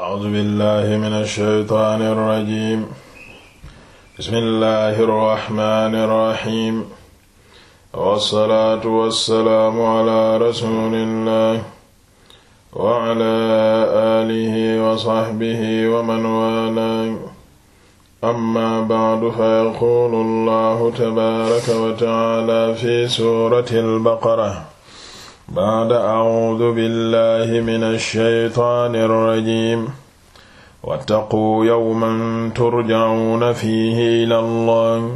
a'uuzu billahi mina shaytaani rajiim bismillahi rahmaani rahiim wassalaatu wassalaamu ala rasuulillahi wa ala aalihi wa sahbihi wa man waalaahu amma ba'du fa yaquulu allahu tabaaraka wa ta'aala fi suurati al-baqara baada acuudu billahi min alshaytaani alrajim wattaquu yowman turjacuuna fihi ila allah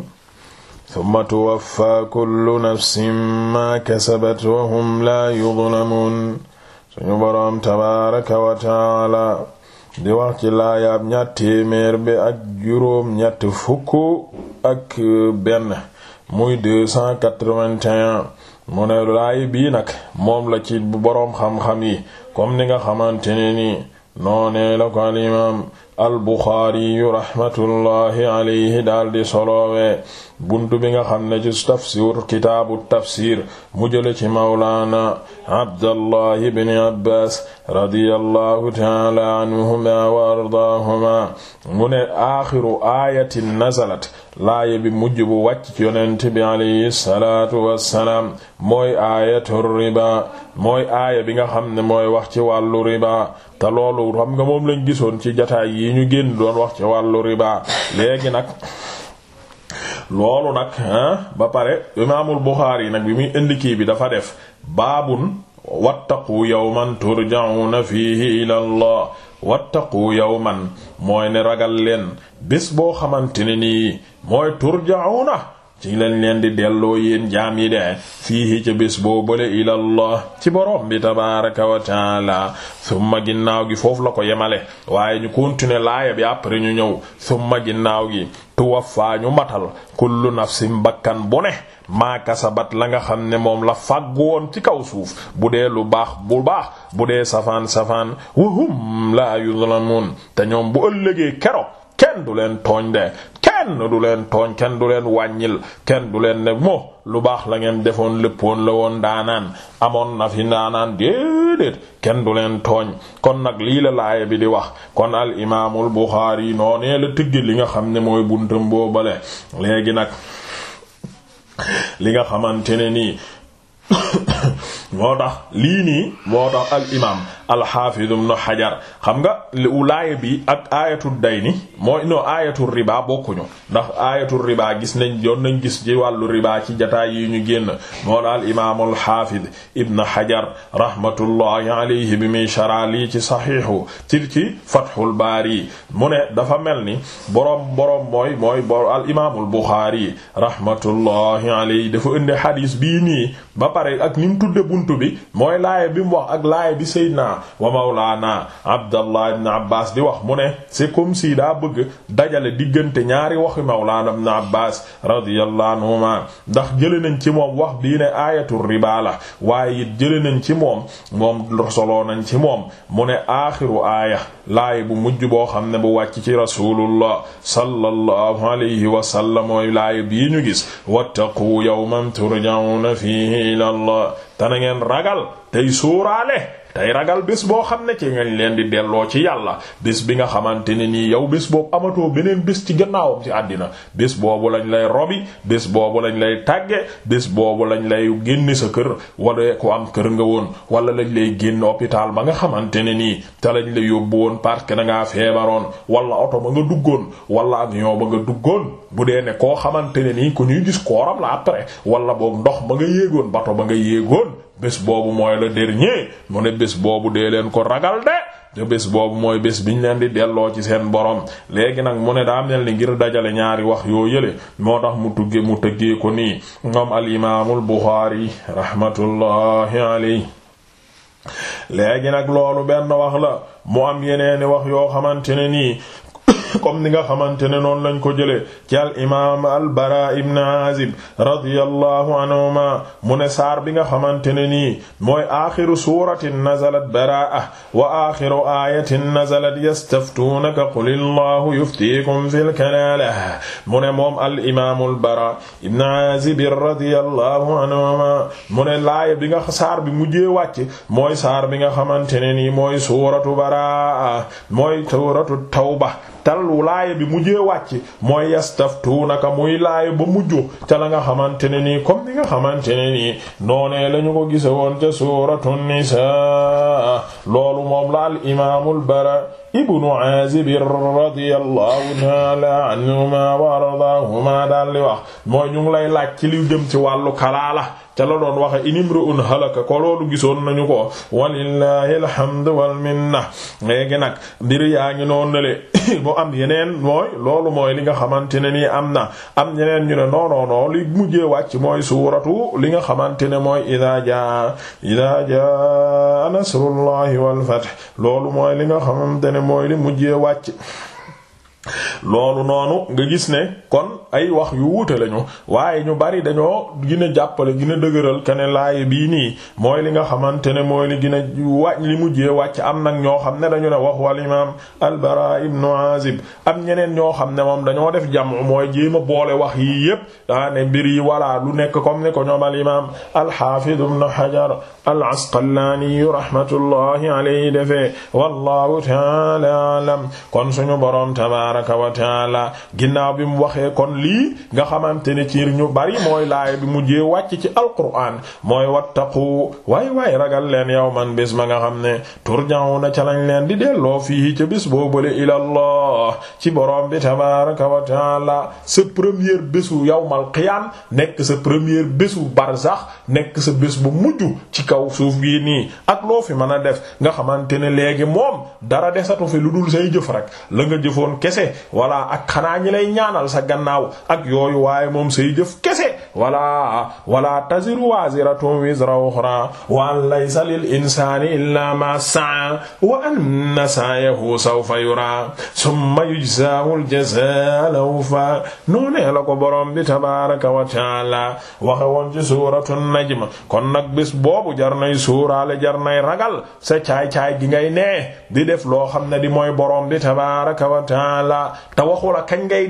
summa tuwaffaa kullu nafsin maa kasabat wa hum laa yudlamuun suñu boroom tabaaraka wa taala di wax ci laayaab ñatt téeméer bi ak juróom ñett fukk ak benn muy 281 mu ne laay bii nag moom la bu boroom xam-xam yi comme ni nga xamante ne nii noonee la ko albuxaari rahmatullahi alayhi daal di solowee buntu bi nga xam ne ci tafsir kitaabu tafsir mu jële ci mawlaana abdallahi bni abbaas radiyallahu taala anhuma wa ardaahuma mu ne aayatin nazalat laaya bi mujj bu wàcc ci yonent bi alayhi wassalaam mooy aayatu riba mooy aaya nga xam ne mooy wax ci wàllu riba te loolu nga moom lañ gisoon ci jataay yi ñu génn doon wax ci wàllu riba léegi nag loolu nag ba pare imaamul yi nag bi muy indi kii bi dafa def baabun wattaqu yawman turja'una fihi ila Allah wattaqu yawman mooy ne ragal leen bés boo xamante ne nii mooy turja'una ci leen leen di delloo yéen jaam yi de fii ca bés boobale ilallah ci borom bi tabaraka wa taala summa ginnaaw gi foofu la ko yemale waaye ñu continuer laaya bi après ñu ñëw summa ginnaaw gi tuwaffaa ñu matal kullu nafsin bakkan bu ne maa kasabat la nga xam ne moom la fàggu woon ci kaw suuf bu dee lu baax bu baax bu dee safaan safaan wahum la yuzlamun te ñoom bu ëllëgee keroog kenn du leen tooñ de kenn du leen tooñ kenn du leen wàññil kenn du leen ne moo lu baax la ngeen defoon léppoon la woon daanaan amoon na fi ndaanaan déedéet kenn du leen tooñ kon nag lii la laaya bi di wax kon al imaamul Buxaari noonee la tëgg li nga xam ne mooy buntam boobale léegi nag li nga xamante ne nii moo tax lii nii moo tax al alxaafiz ibnu xajar xam nga laaya bi ak aayatul dayni mooy non aayatul riba bokkuñu ndax aayatul gis nañ doon nañ gis ci wàllu riba ci jataay yi ñu génn moo la al imaam alxaafiz ibnu xajar rahmatullahi alayhi bi muy shara lii ci saxiixu ci ci fathul baari mu ne dafa mel ni boroom boroom mooy mooy bor al imaamul rahmatullahi alayhi dafa indi xadiis bi ni ba pare ak ni mu tudde buntu bi mooy laaya bi ak laaya bi sayyidina wa mawlaana Abdallah ibn Abbas di wax mu ne c'est comme si daa bëgg dajale diggante ñaari waxi mawlaana ibn Abbas radiyallahu anhuma ndax jële nañ ci moom wax bii ne aayatu riba la waaye it nañ ci moom moom soloo nañ ci moom mu ne aaxiru aaya laay bu mujj boo xam ne bu wàcc ci rasulullah sallallahu alayhi wa sallam mooy laay bii ñu gis wattaqu yawman turja'una fihi ila allah tana ngeen ragal tey suuraale tey ragal bés boo xam ne ci ngañ leen di delloo ci yàlla bés bi nga xamante ne nii yow bés boobu amatoo beneen bés ci gannaawam ci àddina bés boobu lañ lay robi bés boobu lañ lay tàgge bés boobu lañ lay génne sa kër wala ku am kër nga woon wala lañ lay génn hôpital ba nga xamante ne nii te lañ lay woon parce que da feebaroon wala oto ba nga duggoon wala avion ba nga duggoon bu dee ne koo xamante ne nii ku ñuy gis kooram la après wala boog ndox ba nga yéegoon bato ba nga yéegoon bés boobu mooy la dernier mu ne bés boobu dee leen ko ragal de. te bés boobu mooy bés biñ leen di delloo ci seen borom léegi nag mu ne daa mel ni ngir dajale ñaari wax yoo yële moo tax mu tugge mu tëggee ko nii moom al imaamul Buxaari rahmatullahi alayhi léegi nag loolu benn wax la mu am yeneeni wax yoo xamante ne nii comme ni nga xamante ne noonu lañ ko jëlee ci al imaam al bara ibn azib radiyallahu anhuma mu ne bi nga xamante ne nii mooy aaxiru suuratin nazalat baraa wa aaxiru aayatin nazalat yastaftuunaka qulillahu yuftiikum fil kalaalah mu ne moom al imaam al bara ibn azib radiyallahu anhuma mu ne bi nga saar bi mujjee wàcc mooy saar bi nga xamante ne nii mooy suuratu baraa mooy suuratu tawba tal laaya bi mujjee wàcc mooy yastaftuunaka muy laaya ba mujj ca la nga xamante ne nii ni nga xamante ne nii noonee la ñu ko gise woon ca suuratu nisaa loolu moom la al imaamul bara ibnu aazib radiyallahu taala anhuma wa ardaahuma daal di wax mooy ñu ngi lay laaj ci li jëm ci wàllu kalaala ca la doon waxe inimru'un halaka ko loolu gisoon nañu ko walillahi alhamdu wal minna léegi nag yaa ngi noonu le bu am yeneen mooy loolu mooy li nga xamante ne nii am na am yeneen ñu ne non non li mujjee wàcc mooy suuratu li nga xamante ne mooy idaa jaa idaa jaa nasrullahi wal loolu mooy li nga xamante ne mooy li mujjee wàcc loolu noonu nga gis ne kon ay wax yu wuute lañu waaye ñu bari dañoo gën a jàppale gën a dëgëral kene laay bii nii mooy li nga xamante ne mooy li gën a wàcc li mujjee wàcc am nag ñoo xam ne dañu ne wax wal imaam al-Bara ibn Azib am ñeneen ñoo xam ne moom dañoo def jamu mooy jéem ma boole wax yi yépp daa ne mbir yi walla lu nekk comme ne ko ñoom al imaam al-Hafiz ibn Hajar al-Asqalani rahmatullahi alayhi defee wallahu ta'ala alam kon suñu boroom tabaraka wa ta'ala ginnaaw bi mu waxee kon lii nga xamante ne ci ñu bari mooy laay bi mujjee wàcc ci alquran mooy wattaqu waay waay ragal leen yawman bis ma nga xam ne na ca lañ leen di delloo fii ca bis boobale ilallah ci borom bi tabaraka wa taala sa première bésu yawmal qiyam nekk sa première bésu barzax nekk sa bés bu mujj ci kaw suuf gii nii ak loo fi mën a def nga xamante ne léegi moom dara desatu fi lu dul say jëf rek la nga jëfoon kese walla ak xanaa ñi lay ñaanal sa gannaaw ak yooyu waaye moom say jëf kese wala wala taziru waziratun wizra ukhra wa an laysa lil insani illa ma sa'a wa anna sa'yahu sawfa yura thumma yujzahu al jazaa lawfa noonee la ko borom bi tabaraka wa taala waxe woon ci suratu najm kon nag bés boobu jar nay suuraale jar nay ragal sa caay-caay gi ngay nee di def loo xam ne di mooy borom bi tabaraka wa taala te waxula kañ ngay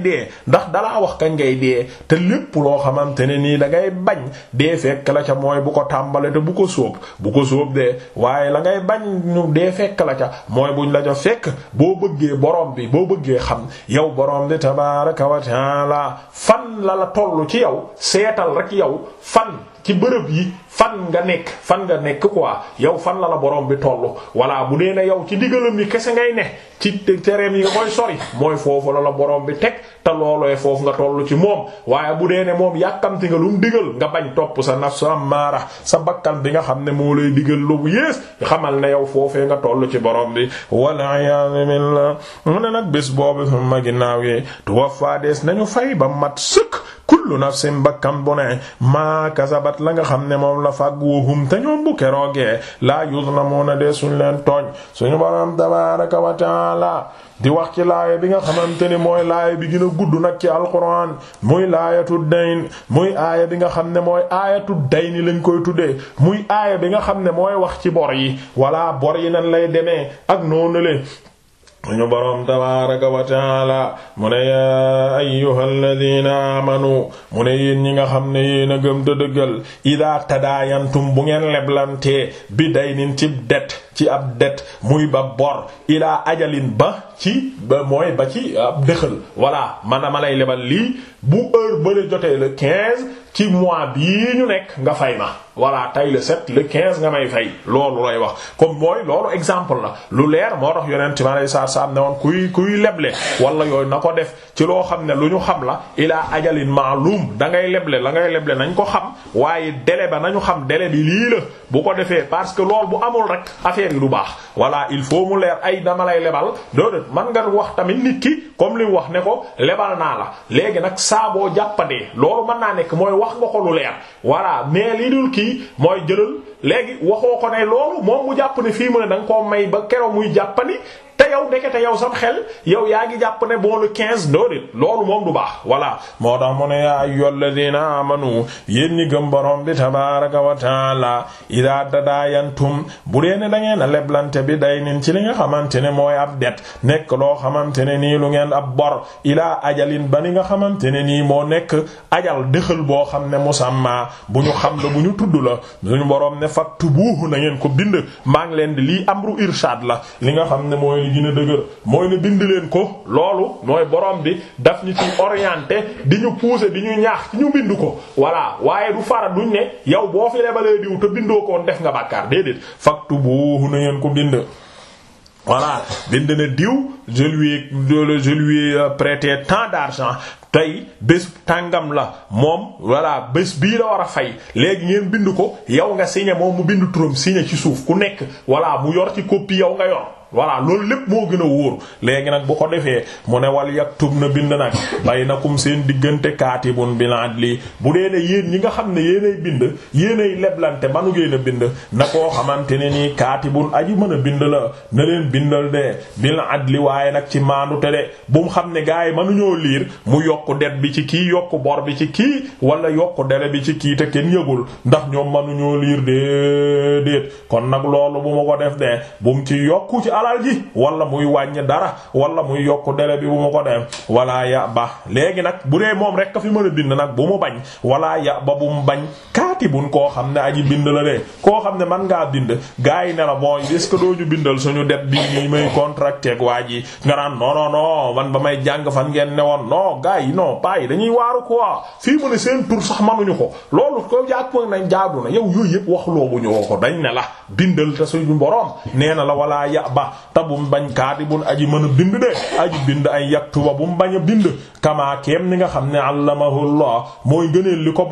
wax kañ ngay dee te lépp loo xamante ne nii da ngay bañ dee fekk la ca mooy bu ko tàmbale te bu ko sóob bu ko sóob dee waaye la ngay bañ ñu dee fekk la ca mooy buñ la ca fekk boo bëggee borom bi boo bëggee xam yow boroom bi tabaaraka wa taala fan la la tollu ci yow seetal rek yow fan ci bërëb yi fan nga nekk fan nga nekk quoi yow fan la la borom bi toll walla bu dee ne yow ci digalam yi kese ngay ne ci tereem yi nga koy sori mooy foofu la la borom bi teg te loolooy foofu nga toll ci moom waaye bu dee ne moom nga lu mu nga bañ topp sa nafsu ammaara sa bakkan bi nga xam ne moo lay digal lu yées xamal ne yow foofee nga toll ci boroom bi walla iyaazu billah mu ne nag bés boobu suma ginnaaw yi tuwaffaa dees nañu fay ba mat sëkk kullu nafsin bakkan bu ne maa kasabat la nga xam ne moom la fagwuhum te ñoom bu keroogee laa na de suñ leen tooñ suñu boroom tabaaraka wa taala di wax ci laaya bi nga xamante ni mooy laaya bi gën a gudd nag ci alxuraan muy laayatu dayn muy aaya bi nga xam ne mooy aayatu dayni lañ koy tuddee muy aaya bi nga xam ne mooy wax ci bor yi walla bor yi nan lay demee ak noonu le suñu boroom tabaaraka wa taala mu ne yaa ayyuhal amanu mu ne yéen ñi nga xam ne yéen a gëm te idaa tadaayantum bu ngeen leblantee bi day nin ci det ci ab det muy ba bor ilaa ajalin ba ci ba mooy ba ci ab dëxal voilà man ma lebal lii bu heure bële jotee le ci mois bii ñu nekk nga fay ma voilà tay le sept le quinze nga may fay loolu lay wax comme mooy loolu exemple la lu leer moo tax yonent ma lay saa saa ne woon kuy kuy leble wala yooyu na ko def ci loo xam ne lu ñu xam la ilaa ajalin maalum da ngay leble la ngay leble nañ ko xam waaye délai ba nañu xam délai bi lii la bu ko defee parce que loolu bu amul rek affaire yi du baax voilà il faut mu leer ay dama lay lebal déedéet man nga wax tamit nit ki comme li wax ne ko lebal naa la léegi nag saa wax nga ko lu leer voilà mais li dul kii mooy jëlal léegi waxoo ko ne loolu moom mu jàpp ne fii mu ne danga ko may ba keroog muy jàppandi te yow ndekete yow sam xel yow yaa ngi jàpp ne bon le quinze doodéet loolu moom du baax voilà moo tax mu ne yaa ayyuhal ladina amanu yéen ñi gëm boroom bi tabaraka wa la ida dadaayantum bu dee ne da ngeen a leblante bi day nin ci li nga xamante ne mooy ab det nekk loo xamante ne nii lu ngeen ab bor ilaa ajalin ba ni nga xamante ne nii moo nekk ajal dëxal boo xam ne musamma bu ñu xam la bu ñu tudd la suñu borom ne fattubuhu na ngeen ko bind maa ngi leen di lii la gën a dëgër mooy ne bind leen ko loolu mooy borom bi daf ñu ci orienté di ñu pousser di ñu ñaax ci ñu bind ko voilà waaye du fara duñ ne yow boo fi lebalee diw te bindoo koon def nga bàkkaar déedéet faktubuhu na ngeen ko bind voilà bind na diw je lui ai je lui ai euh, prêté tant d'argent tey bés tàngam la moom voilà bés bii la war a fay léegi ngeen bind ko yow nga signé moom mu bind turam signé ci suuf ku nekk walaa mu yor ci copie yow nga yor voilà loolu lépp moo gën a wóor léegi nag bu ko defee mu ne wal yaktub na bind nag baynakum seen diggante kaati kaatibun bil adli bu dee ne yéen ñi nga xam ne yéenay bind yéenay leblante manu ngeen a bind na koo xamante ne kaati bun aji mën a bind la na leen bindal de bil adli waaye nag ci maandute de bu xam ne gars yi mënuñoo liir mu yokk det bi ci kii yokk bor bi ci kii wala yokk dele bi ci kii te kenn yëgul ndax ñoom mënuñoo liir déedéet kon nag loolu bu ma ko def de bu ci yokku alal ji wala muy wàññi dara wala muy yokk délai bi bu ma ko def wala ya léegi nag bu dee moom rek ka fi mën a bind nag bu mu bañ wala ya ba bu mu bañ. kaatibun koo xam ne aji bind la de koo xam ne man ngaa bind gaa yi ne la bon est-ce que doo ñu bindal suñu det bi nii may contracté ak waa ji nga naan non non non man ba may jàng fan ngeen ne woon non gars yi noo pas dañuy waaru quoi fii mu ne seen tur sax manuñu ko loolu ko jàpp nañ jaadu na yow yooyu yëpp wax loobu ñu ko dañ ne la bindal te suñu borom nee na la walaa ya ba bu tabum bañ kaatibun aji mën a bind de aji bind ay yaktuba bu mu bañ a bind kamaa ni nga xam ne allamahu allah mooy gëneel li ko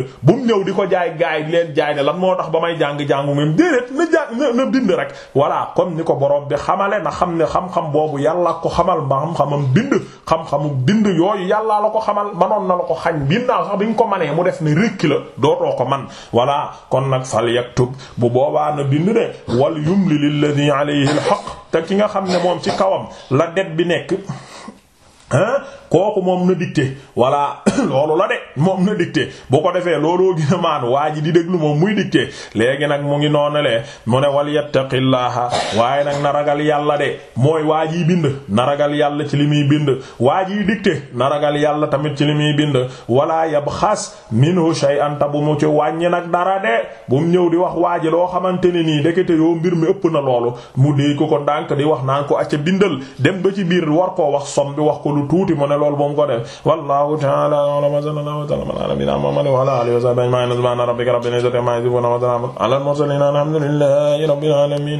bind bu mu ñëw di ko jaay gaay leen jaay ne lan moo tax ba may jàng-jàngu mem déedéet na jàng na na bind rek voilà comme ni ko borom bi xamale na xam ne xam-xam boobu yàlla ko xamal ma xam-xamam bind xam-xamu bind yooyu yàllaa la ko xamal manoon na la ko xañ bindaal sax bi nga ko manee mu def ne rékki la dootoo ko man voilà kon nag fal yaktub bu boobaa na bind de wal yumli lilladi alayhi te ki nga xam ne moom ci kawam la det bi nekk kooku moom na dicté voilà loolu la de moom na dicté bu ko defee looloo gën a waa ji di déglu moom muy dicté léegi nag mu ngi noonu le mu ne wal yattaqillaha waaye nag na ragal yàlla de mooy waa ji bind na ragal yàlla ci li muy bind waa ji dicté na ragal yàlla tamit ci li muy bind wala yabxas minhu shay'an ta bu mu ci wàññi nag dara de bu mu ñëw di wax waa loo xamante ne nii dekete yoo mbir mi ëpp na loolu mu dee ko ko di wax naan ko acca bindal dem ba ci biir war koo wax lu tuuti mu ne loolu bu mu ko def wallahu ta'ala a'lam wa sallallahu wa ala muhammadin wa ala alihi wa sahbihi ajma'in subhana rabbika rabbil izzati amma yasifun wa salamun ala al mursalin alhamdulillahi rabbil alamin